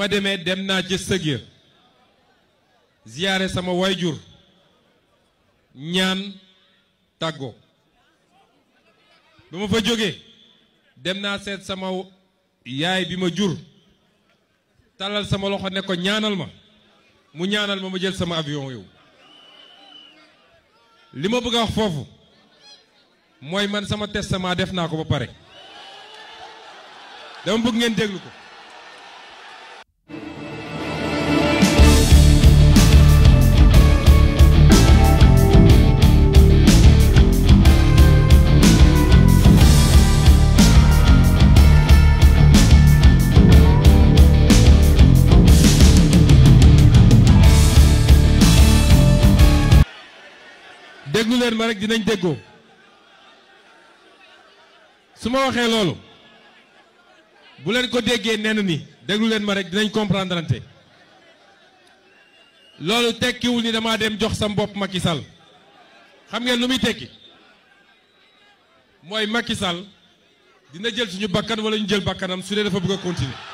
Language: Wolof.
ma demee dem naa ca sëg ya ziyaare sama jur ñaan tàggoo ba ma fa jógee dem naa seet sama yaay bi ma jur tàllal sama loxo ne ko ñaanal ma mu ñaanal ma ma jël sama avion yow li ma bëgg a foofu mooy man sama testament def naa ko ba pare dama bëgg ngeen déglu ko déglu leen ma rek dinañ déggoo su ma waxee loolu bu leen ko déggee nenn ni déglu leen ma rek dinañ comprendre loolu tekkiwul ni damaa dem jox sam bopp Macky Sall xam ngeen lu muy tekki mooy Macky Sall dina jël suñu bakkan wala ñu jël bakkanam su dee dafa bëgg a